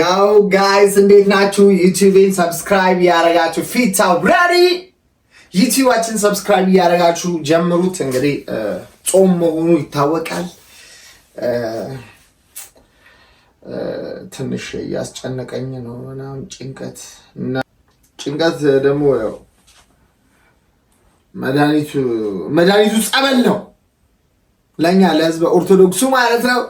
ያው ጋይስ እንዴት ናችሁ? ዩቲዩብን ሰብስክራይብ እያደረጋችሁ ፊት አውራሪ ዩቲዩባችን ሰብስክራይብ እያደረጋችሁ ጀምሩት። እንግዲህ ጾም መሆኑ ይታወቃል። ትንሽ እያስጨነቀኝ ነው ምናምን ጭንቀት እና ጭንቀት ደግሞ ያው መድኃኒቱ መድኃኒቱ ጸበል ነው ለእኛ ለህዝበ ኦርቶዶክሱ ማለት ነው።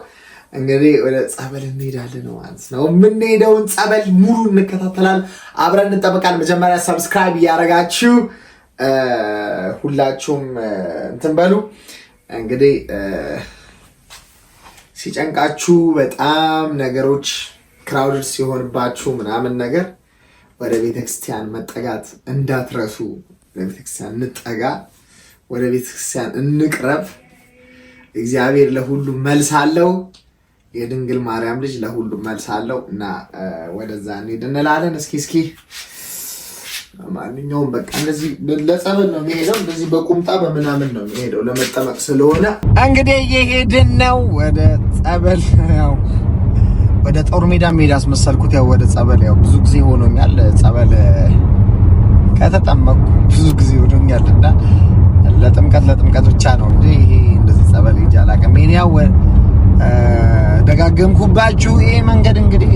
እንግዲህ ወደ ጸበል እንሄዳለን ማለት ነው። የምንሄደውን ጸበል ሙሉ እንከታተላል፣ አብረን እንጠብቃል። መጀመሪያ ሰብስክራይብ እያደረጋችሁ ሁላችሁም እንትን በሉ እንግዲህ ሲጨንቃችሁ በጣም ነገሮች ክራውድድ ሲሆንባችሁ ምናምን ነገር ወደ ቤተክርስቲያን መጠጋት እንዳትረሱ። ወደ ቤተክርስቲያን እንጠጋ፣ ወደ ቤተክርስቲያን እንቅረብ። እግዚአብሔር ለሁሉ መልስ አለው። የድንግል ማርያም ልጅ ለሁሉም መልስ አለው እና ወደዛ እንሂድ እንላለን። እስኪ እስኪ ማንኛውም በቃ እንደዚህ ለጸበል ነው የሚሄደው፣ እንደዚህ በቁምጣ በምናምን ነው የሚሄደው ለመጠመቅ ስለሆነ እንግዲህ እየሄድን ነው ወደ ጸበል። ያው ወደ ጦር ሜዳ ሜዳ አስመሰልኩት። ያው ወደ ጸበል ያው ብዙ ጊዜ ሆኖኛል ጸበል ከተጠመቅኩ ብዙ ጊዜ ሆኖኛል እና ለጥምቀት ለጥምቀት ብቻ ነው እንጂ ይሄ እንደዚህ ጸበል ሄጄ አላውቅም። ያው ደጋገምኩባችሁ። ይህ መንገድ እንግዲህ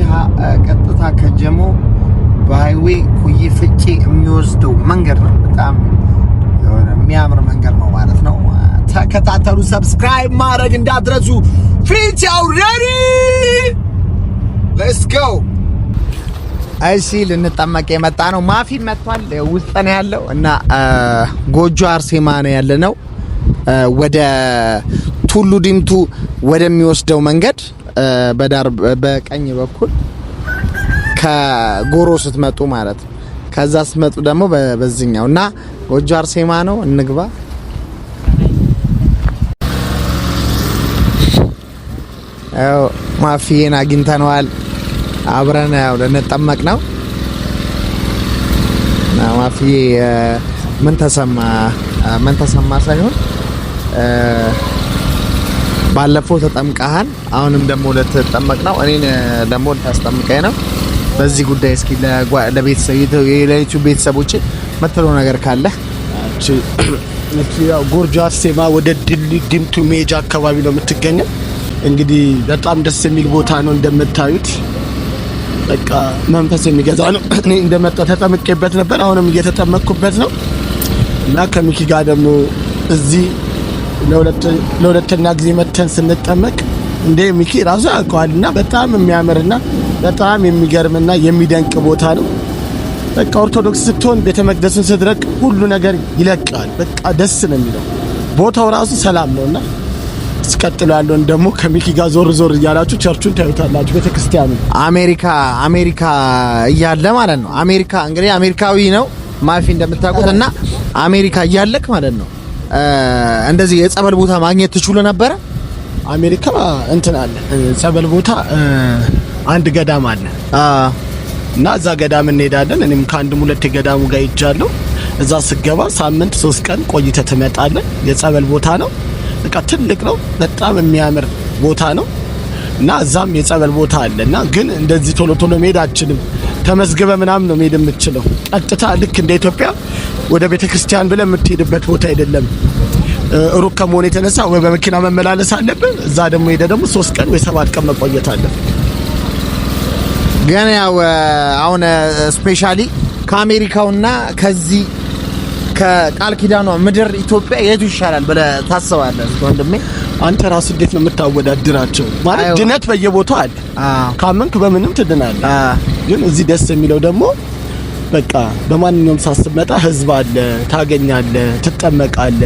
ቀጥታ ከጀሞ በሃይዌ ኩይ ፍጪ የሚወስደው መንገድ ነው። በጣም የሚያምር መንገድ ነው ማለት ነው። ተከታተሉ። ሰብስክራይብ ማድረግ እንዳትረሱ። ፊት አውረዲ ሌትስ ጎ። እሺ ልንጠመቅ የመጣ ነው። ማፊ መጥቷል። ውስጥ ነው ያለው እና ጎጆ አርሴማ ነው ያለ ነው ወደ ቱሉ ዲምቱ ወደሚወስደው መንገድ በዳር በቀኝ በኩል ከጎሮ ስትመጡ ማለት ነው። ከዛ ስትመጡ ደግሞ በዚኛው እና ጎጆ አርሴማ ነው። እንግባ ያው ማፊዬን አግኝተነዋል። አብረን ያው ልንጠመቅ ነው። ማፊዬ ምን ተሰማ ምን ተሰማ ሳይሆን ባለፈው ተጠምቀሃል፣ አሁንም ደግሞ ልትጠመቅ ነው። እኔን ደግሞ ልታስጠምቀኝ ነው። በዚህ ጉዳይ እስኪ ለቤተሰብ የዩቲዩብ ቤተሰቦች መተለው ነገር ካለ ጎርጃ ሴማ ወደ ድምቱ ሜጃ አካባቢ ነው የምትገኘው። እንግዲህ በጣም ደስ የሚል ቦታ ነው እንደምታዩት። በቃ መንፈስ የሚገዛ ነው። እኔ እንደመጣ ተጠምቄበት ነበር፣ አሁንም እየተጠመቅኩበት ነው እና ከሚኪ ጋር ደግሞ እዚህ ለሁለተኛ ጊዜ መተን ስንጠመቅ እንደ ሚኪ ራሱ ያውቀዋል በጣም የሚያምርና በጣም የሚገርምና የሚደንቅ ቦታ ነው። በቃ ኦርቶዶክስ ስትሆን ቤተ መቅደስን ስትረቅ ሁሉ ነገር ይለቃል። በቃ ደስ ነው የሚለው ቦታው ራሱ ሰላም ነውና ስቀጥሎ ያለውን ደግሞ ከሚኪ ጋር ዞር ዞር እያላችሁ ቸርቹን ታዩታላችሁ። ቤተክርስቲያኑ አሜሪካ አሜሪካ እያለ ማለት ነው። አሜሪካ እንግዲህ አሜሪካዊ ነው ማፊ እንደምታውቁት እና አሜሪካ እያለክ ማለት ነው እንደዚህ የጸበል ቦታ ማግኘት ትችሉ ነበረ? አሜሪካ እንትን አለ ጸበል ቦታ አንድ ገዳም አለ እና እዛ ገዳም እንሄዳለን። እኔም ከአንድም ሁለት የገዳሙ ጋር ይጃለሁ። እዛ ስገባ ሳምንት ሶስት ቀን ቆይተ ትመጣለን። የጸበል ቦታ ነው። በቃ ትልቅ ነው። በጣም የሚያምር ቦታ ነው እና እዛም የጸበል ቦታ አለ እና ግን እንደዚህ ቶሎ ቶሎ መሄድ አችልም። ተመዝግበ ምናምን ነው መሄድ የምችለው። ቀጥታ ልክ እንደ ኢትዮጵያ ወደ ቤተ ክርስቲያን ብለህ የምትሄድበት ቦታ አይደለም። ሩቅ ከመሆን የተነሳ ወይ በመኪና መመላለስ አለብን። እዛ ደግሞ ሄደ ደግሞ ሶስት ቀን ወይ ሰባት ቀን መቆየት አለብን። ግን ያው አሁን ስፔሻሊ ከአሜሪካውና ከዚህ ከቃል ኪዳኗ ምድር ኢትዮጵያ የቱ ይሻላል ብለህ ታስባለህ ወንድሜ? አንተ ራሱ እንዴት ነው የምታወዳድራቸው? ማለት ድነት በየቦታው አለ። ካመንክ በምንም ትድናለህ። ግን እዚህ ደስ የሚለው ደግሞ በቃ በማንኛውም ሰዓት ስትመጣ ህዝብ አለ፣ ታገኛለ፣ ትጠመቃለ።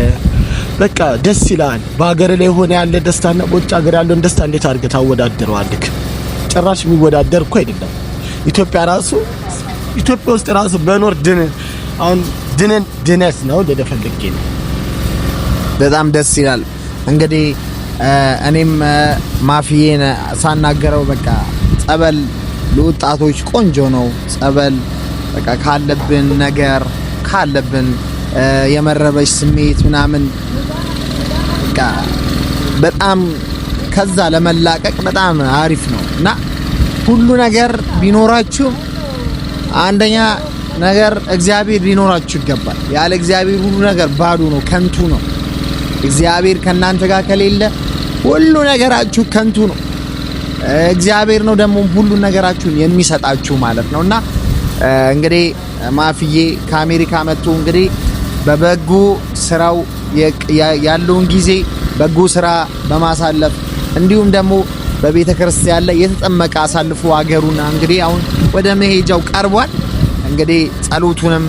በቃ ደስ ይላል። በሀገር ላይ ሆነ ያለ ደስታና በውጭ ሀገር ያለውን ደስታ እንዴት አድርገ ታወዳድረዋለህ? ጭራሽ የሚወዳደር እኮ አይደለም። ኢትዮጵያ ራሱ ኢትዮጵያ ውስጥ ራሱ በኖር ድን አሁን ድንን ድነት ነው እንደደፈልጌ ነው። በጣም ደስ ይላል። እንግዲህ እኔም ማፊዬን ሳናገረው በቃ ጸበል ለወጣቶች ቆንጆ ነው ጸበል በቃ ካለብን ነገር ካለብን የመረበሽ ስሜት ምናምን በቃ በጣም ከዛ ለመላቀቅ በጣም አሪፍ ነው እና ሁሉ ነገር ቢኖራችሁ አንደኛ ነገር እግዚአብሔር ሊኖራችሁ ይገባል። ያለ እግዚአብሔር ሁሉ ነገር ባዶ ነው፣ ከንቱ ነው። እግዚአብሔር ከእናንተ ጋር ከሌለ ሁሉ ነገራችሁ ከንቱ ነው። እግዚአብሔር ነው ደግሞ ሁሉ ነገራችሁን የሚሰጣችሁ ማለት ነው እና እንግዲህ ማፍዬ ከአሜሪካ መጥቶ እንግዲህ በበጎ ስራው ያለውን ጊዜ በጎ ስራ በማሳለፍ እንዲሁም ደግሞ በቤተ ክርስቲያን ላይ የተጠመቀ አሳልፎ አገሩና እንግዲህ አሁን ወደ መሄጃው ቀርቧል። እንግዲህ ጸሎቱንም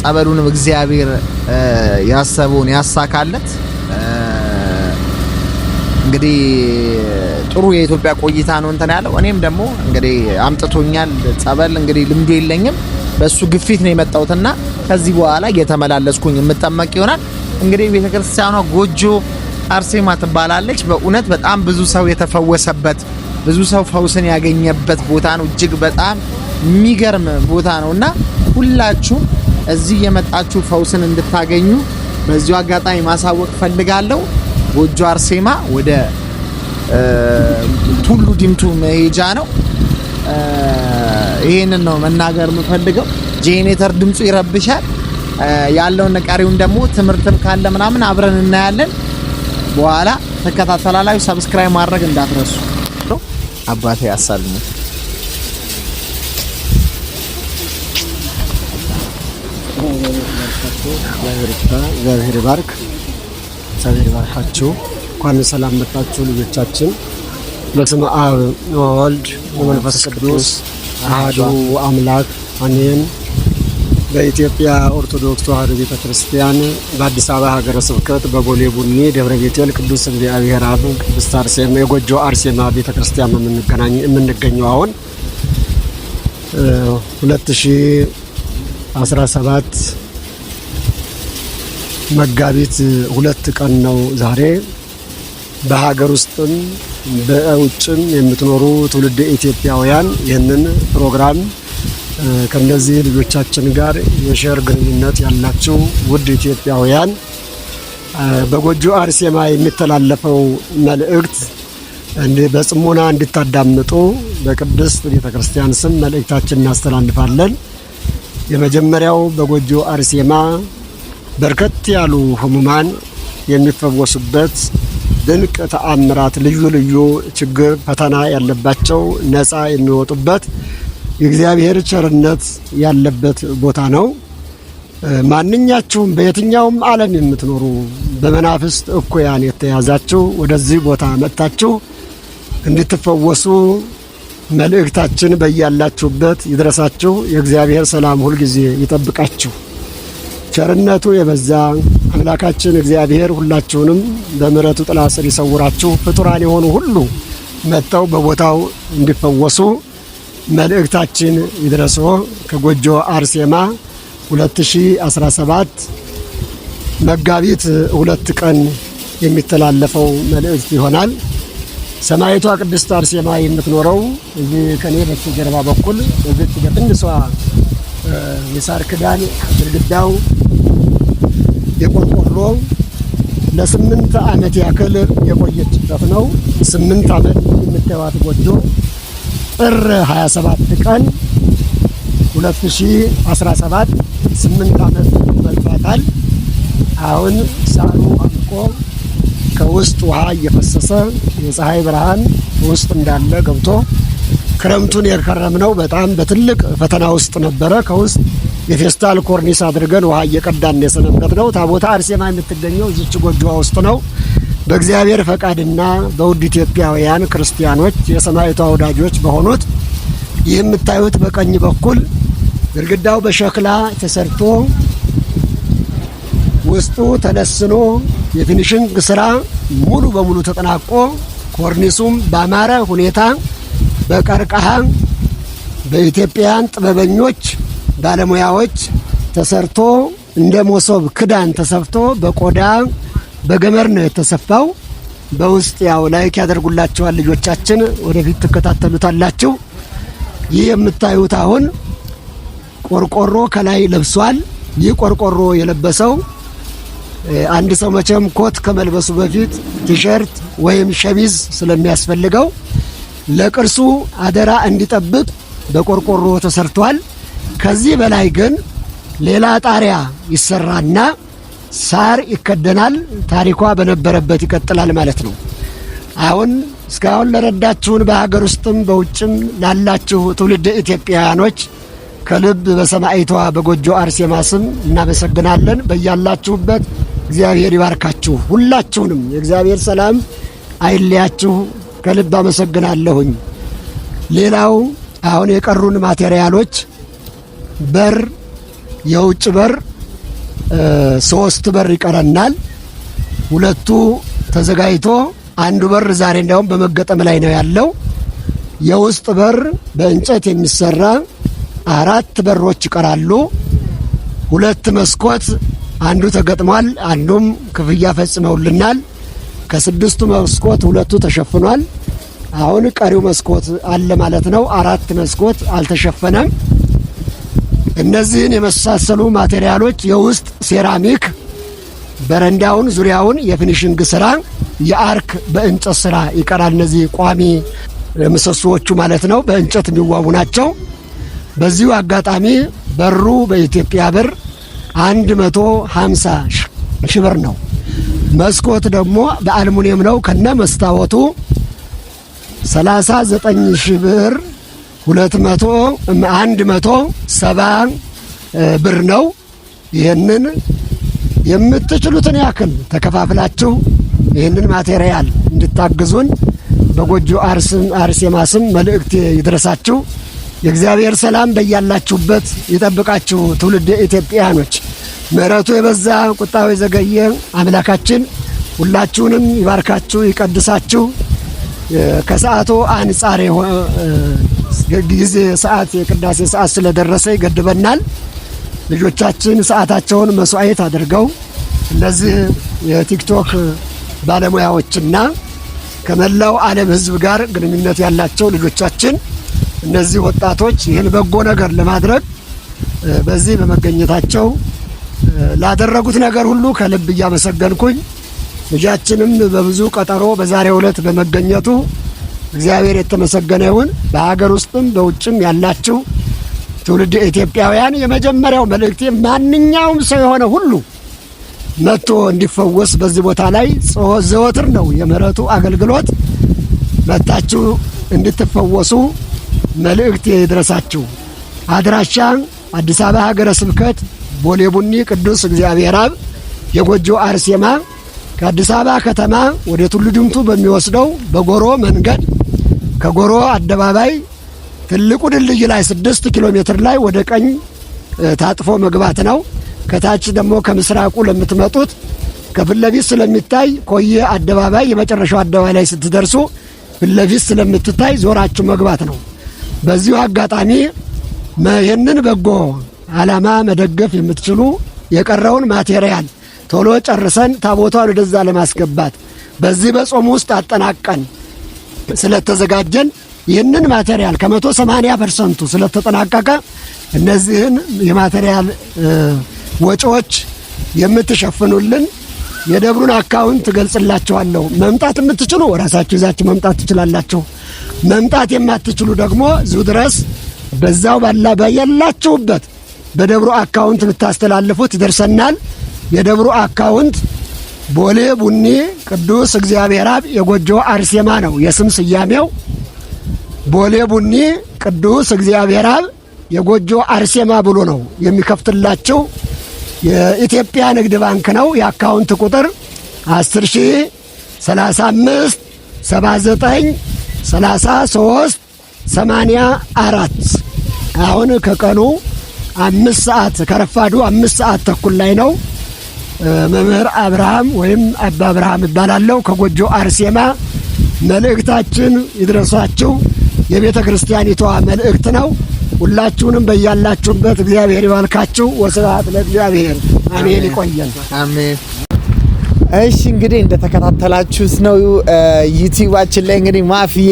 ጸበሉንም እግዚአብሔር ያሰበውን ያሳካለት። እንግዲህ ጥሩ የኢትዮጵያ ቆይታ ነው እንትን ያለው። እኔም ደግሞ እንግዲህ አምጥቶኛል ጸበል። እንግዲህ ልምዱ የለኝም በእሱ ግፊት ነው የመጣሁትና ከዚህ በኋላ እየተመላለስኩኝ የምጠመቅ ይሆናል። እንግዲህ ቤተክርስቲያኗ ጎጆ አርሴማ ትባላለች። በእውነት በጣም ብዙ ሰው የተፈወሰበት ብዙ ሰው ፈውስን ያገኘበት ቦታ ነው። እጅግ በጣም የሚገርም ቦታ ነው እና ሁላችሁም እዚህ የመጣችሁ ፈውስን እንድታገኙ በዚሁ አጋጣሚ ማሳወቅ ፈልጋለሁ። ጎጆ አርሴማ ወደ ቱሉ ዲምቱ መሄጃ ነው። ይህንን ነው መናገር የምፈልገው። ጄኔተር ድምፁ ይረብሻል። ያለውን ነቃሪውን ደግሞ ትምህርትም ካለ ምናምን አብረን እናያለን። በኋላ ተከታተላላችሁ። ሰብስክራይብ ማድረግ እንዳትረሱ። አባቴ ያሳልሙ እግዚአብሔር ይባርክ። እግዚአብሔር ይባርካችሁ። እንኳን ሰላም መጣችሁ ልጆቻችን። በስመ አብ ወወልድ ወመንፈስ ቅዱስ አሐዱ አምላክ አሜን። በኢትዮጵያ ኦርቶዶክስ ተዋሕዶ ቤተ ክርስቲያን በአዲስ አበባ ሀገረ ስብከት በቦሌ ቡኒ ደብረ ቤቴል ቅዱስ እግዚአብሔር አብ ቅድስት አርሴማ የጎጆ አርሴማ ቤተ ክርስቲያን ነው የምንገኘው። አሁን 2017 መጋቢት ሁለት ቀን ነው ዛሬ። በሀገር ውስጥም በውጭም የምትኖሩ ትውልድ ኢትዮጵያውያን ይህንን ፕሮግራም ከነዚህ ልጆቻችን ጋር የሼር ግንኙነት ያላችሁ ውድ ኢትዮጵያውያን በጎጆ አርሴማ የሚተላለፈው መልእክት በጽሞና እንድታዳምጡ በቅድስት ቤተ ክርስቲያን ስም መልእክታችን እናስተላልፋለን። የመጀመሪያው በጎጆ አርሴማ በርከት ያሉ ህሙማን የሚፈወሱበት ድንቅ ተአምራት፣ ልዩ ልዩ ችግር፣ ፈተና ያለባቸው ነፃ የሚወጡበት የእግዚአብሔር ቸርነት ያለበት ቦታ ነው። ማንኛችሁም በየትኛውም ዓለም የምትኖሩ በመናፍስት እኩያን የተያዛችሁ ወደዚህ ቦታ መጥታችሁ እንድትፈወሱ መልእክታችን በያላችሁበት ይድረሳችሁ። የእግዚአብሔር ሰላም ሁልጊዜ ይጠብቃችሁ። ቸርነቱ የበዛ አምላካችን እግዚአብሔር ሁላችሁንም በምሕረቱ ጥላ ስር ይሰውራችሁ። ፍጡራን የሆኑ ሁሉ መጥተው በቦታው እንዲፈወሱ መልእክታችን ይድረሶ ከጎጆ አርሴማ 2017 መጋቢት ሁለት ቀን የሚተላለፈው መልእክት ይሆናል። ሰማይቷ ቅድስት አርሴማ የምትኖረው እዚህ ከኔ በስተጀርባ በኩል በዚች በትንሿ የሳር ክዳን ግድግዳው፣ የቆርቆሮው ለስምንት ዓመት ያክል የቆየችበት ነው። ስምንት ዓመት የምትገባት ጎጆ ጥር 27 ቀን 2017 ስምንት ዓመት በልቷታል። አሁን ሳሩ አልቆ ከውስጥ ውሃ እየፈሰሰ የፀሐይ ብርሃን ውስጥ እንዳለ ገብቶ ክረምቱን የከረምነው በጣም በትልቅ ፈተና ውስጥ ነበረ። ከውስጥ የፌስታል ኮርኒስ አድርገን ውሃ እየቀዳን የሰነበት ነው። ታቦታ አርሴማ የምትገኘው እዚች ጎጆዋ ውስጥ ነው። በእግዚአብሔር ፈቃድና በውድ ኢትዮጵያውያን ክርስቲያኖች የሰማዕቷ ወዳጆች በሆኑት ይህ የምታዩት በቀኝ በኩል ግድግዳው በሸክላ ተሰርቶ ውስጡ ተለስኖ የፊኒሽንግ ስራ ሙሉ በሙሉ ተጠናቆ ኮርኒሱም ባማረ ሁኔታ በቀርቀሃም በኢትዮጵያውያን ጥበበኞች ባለሙያዎች ተሰርቶ እንደ ሞሶብ ክዳን ተሰፍቶ በቆዳ በገመር ነው የተሰፋው። በውስጥ ያው ላይክ ያደርጉላችኋል ልጆቻችን፣ ወደፊት ትከታተሉታላችሁ። ይህ የምታዩት አሁን ቆርቆሮ ከላይ ለብሷል። ይህ ቆርቆሮ የለበሰው አንድ ሰው መቼም ኮት ከመልበሱ በፊት ቲሸርት ወይም ሸሚዝ ስለሚያስፈልገው ለቅርሱ አደራ እንዲጠብቅ በቆርቆሮ ተሰርቷል። ከዚህ በላይ ግን ሌላ ጣሪያ ይሰራና ሳር ይከደናል። ታሪኳ በነበረበት ይቀጥላል ማለት ነው። አሁን እስካሁን ለረዳችሁን በሀገር ውስጥም በውጭም ላላችሁ ትውልድ ኢትዮጵያውያኖች ከልብ በሰማዕቷ በጎጆ አርሴማ ስም እናመሰግናለን። በያላችሁበት እግዚአብሔር ይባርካችሁ። ሁላችሁንም የእግዚአብሔር ሰላም አይለያችሁ። ከልብ አመሰግናለሁኝ። ሌላው አሁን የቀሩን ማቴሪያሎች በር፣ የውጭ በር ሶስት በር ይቀረናል። ሁለቱ ተዘጋጅቶ አንዱ በር ዛሬ እንዲያውም በመገጠም ላይ ነው ያለው። የውስጥ በር በእንጨት የሚሰራ አራት በሮች ይቀራሉ። ሁለት መስኮት አንዱ ተገጥሟል፣ አንዱም ክፍያ ፈጽመውልናል። ከስድስቱ መስኮት ሁለቱ ተሸፍኗል። አሁን ቀሪው መስኮት አለ ማለት ነው። አራት መስኮት አልተሸፈነም። እነዚህን የመሳሰሉ ማቴሪያሎች የውስጥ ሴራሚክ፣ በረንዳውን፣ ዙሪያውን የፊኒሽንግ ስራ፣ የአርክ በእንጨት ስራ ይቀራል። እነዚህ ቋሚ ምሰሶዎቹ ማለት ነው በእንጨት የሚዋቡ ናቸው። በዚሁ አጋጣሚ በሩ በኢትዮጵያ ብር አንድ መቶ ሀምሳ ሺህ ብር ነው። መስኮት ደግሞ በአልሙኒየም ነው ከነ መስታወቱ 39 ሺህ ብር 200 170 ብር ነው። ይህንን የምትችሉትን ያክል ተከፋፍላችሁ ይህንን ማቴሪያል እንድታግዙን በጎጆ አርሴማ ስም መልእክት ይድረሳችሁ። የእግዚአብሔር ሰላም በያላችሁበት ይጠብቃችሁ። ትውልድ ኢትዮጵያኖች ምሕረቱ የበዛ ቁጣው የዘገየ አምላካችን ሁላችሁንም ይባርካችሁ ይቀድሳችሁ። ከሰዓቱ አንጻር ጊዜ ሰዓት የቅዳሴ ሰዓት ስለደረሰ ይገድበናል። ልጆቻችን ሰዓታቸውን መስዋዕት አድርገው እነዚህ የቲክቶክ ባለሙያዎችና ከመላው ዓለም ሕዝብ ጋር ግንኙነት ያላቸው ልጆቻችን እነዚህ ወጣቶች ይህን በጎ ነገር ለማድረግ በዚህ በመገኘታቸው ላደረጉት ነገር ሁሉ ከልብ እያመሰገንኩኝ ልጃችንም በብዙ ቀጠሮ በዛሬው ዕለት በመገኘቱ እግዚአብሔር የተመሰገነ ይሁን። በሀገር ውስጥም በውጭም ያላችሁ ትውልድ ኢትዮጵያውያን የመጀመሪያው መልእክቴ ማንኛውም ሰው የሆነ ሁሉ መጥቶ እንዲፈወስ በዚህ ቦታ ላይ ዘወትር ነው የምህረቱ አገልግሎት መታችሁ እንድትፈወሱ መልእክት የድረሳችሁ። አድራሻ አዲስ አበባ ሀገረ ስብከት ቦሌ ቡኒ ቅዱስ እግዚአብሔር አብ የጎጆ አርሴማ ከአዲስ አበባ ከተማ ወደ ቱሉ ድምቱ በሚወስደው በጎሮ መንገድ ከጎሮ አደባባይ ትልቁ ድልድይ ላይ ስድስት ኪሎ ሜትር ላይ ወደ ቀኝ ታጥፎ መግባት ነው። ከታች ደግሞ ከምስራቁ ለምትመጡት ከፊት ለፊት ስለሚታይ ኮዬ አደባባይ የመጨረሻው አደባባይ ላይ ስትደርሱ ፊት ለፊት ስለምትታይ ዞራችሁ መግባት ነው። በዚሁ አጋጣሚ ይህንን በጎ ዓላማ መደገፍ የምትችሉ የቀረውን ማቴሪያል ቶሎ ጨርሰን ታቦቷን ወደዛ ለማስገባት በዚህ በጾም ውስጥ አጠናቀን ስለተዘጋጀን ይህንን ማቴሪያል ከመቶ ሰማንያ ፐርሰንቱ ስለተጠናቀቀ እነዚህን የማቴሪያል ወጪዎች የምትሸፍኑልን የደብሩን አካውንት ገልጽላችኋለሁ። መምጣት የምትችሉ ራሳችሁ ይዛችሁ መምጣት ትችላላችሁ። መምጣት የማትችሉ ደግሞ እዚሁ ድረስ በዛው ባላ በየላችሁበት በደብሮ አካውንት ልታስተላልፉት ይደርሰናል። የደብሮ አካውንት ቦሌ ቡኒ ቅዱስ እግዚአብሔር አብ የጎጆ አርሴማ ነው የስም ስያሜው። ቦሌ ቡኒ ቅዱስ እግዚአብሔር አብ የጎጆ አርሴማ ብሎ ነው የሚከፍትላቸው። የኢትዮጵያ ንግድ ባንክ ነው። የአካውንት ቁጥር 10 ሺህ 35 79 33 84 አሁን ከቀኑ አምስት ሰዓት ከረፋዱ አምስት ሰዓት ተኩል ላይ ነው። መምህር አብርሃም ወይም አባ አብርሃም እባላለሁ ከጎጆ አርሴማ። መልእክታችን ይድረሳችሁ የቤተ ክርስቲያኒቷ መልእክት ነው። ሁላችሁንም በያላችሁበት እግዚአብሔር ይባልካችሁ። ወስብሐት ለእግዚአብሔር። አሜን። ይቆየን። አሜን። እሺ እንግዲህ እንደተከታተላችሁት ነው ዩቲዩባችን ላይ እንግዲህ ማፍዬ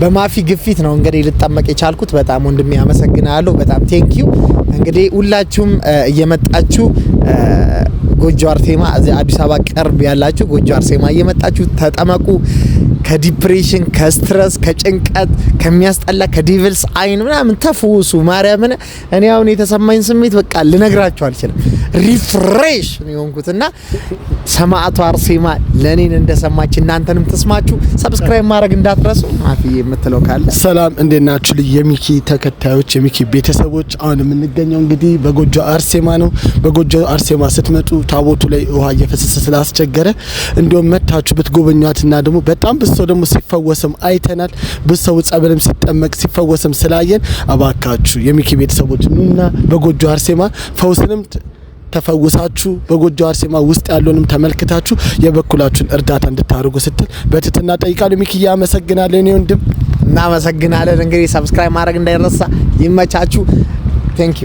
በማፊ ግፊት ነው እንግዲህ ልጠመቅ የቻልኩት። በጣም ወንድሜ አመሰግናለሁ። በጣም ቴንኪዩ። እንግዲህ ሁላችሁም እየመጣችሁ ጎጆ አርሴማ እዚ አዲስ አበባ ቅርብ ያላችሁ ጎጆ አርሴማ እየመጣችሁ ተጠመቁ። ከዲፕሬሽን፣ ከስትረስ፣ ከጭንቀት፣ ከሚያስጠላ ከዲቪልስ አይን ምናምን ተፈወሱ። ማርያምን እኔ አሁን የተሰማኝ ስሜት በቃ ልነግራችሁ አልችልም። ሪፍሬሽ የሆንኩትና ሰማዕቷ አርሴማ ለእኔን እንደሰማች እናንተንም ትስማችሁ። ሰብስክራይብ ማድረግ እንዳትረሱ። ማፊ የምትለው ካለ ሰላም፣ እንዴት ናችሁ? የሚኪ ተከታዮች፣ የሚኪ ቤተሰቦች፣ አሁን የምንገኘው እንግዲህ በጎጆ አርሴማ ነው። በጎጆ አርሴማ ስትመጡ ታቦቱ ላይ ውሃ እየፈሰሰ ስላስቸገረ እንዲሁም መታችሁ ብትጎበኟትና ደግሞ በጣም ብዙ ሰው ደግሞ ሲፈወስም አይተናል። ብዙ ሰው ጸበልም ሲጠመቅ ሲፈወስም ስላየን እባካችሁ የሚኪ ቤተሰቦች ኑና በጎጆ አርሴማ ፈውስንም ተፈውሳችሁ በጎጆ አርሴማ ውስጥ ያለውንም ተመልክታችሁ የበኩላችሁን እርዳታ እንድታደርጉ ስትል በትትና ጠይቃለሁ። ሚኪያ አመሰግናለሁ። እኔ ወንድም እናመሰግናለን። እንግዲህ ሰብስክራይብ ማድረግ እንዳይረሳ። ይመቻችሁ። ቴንክ ዩ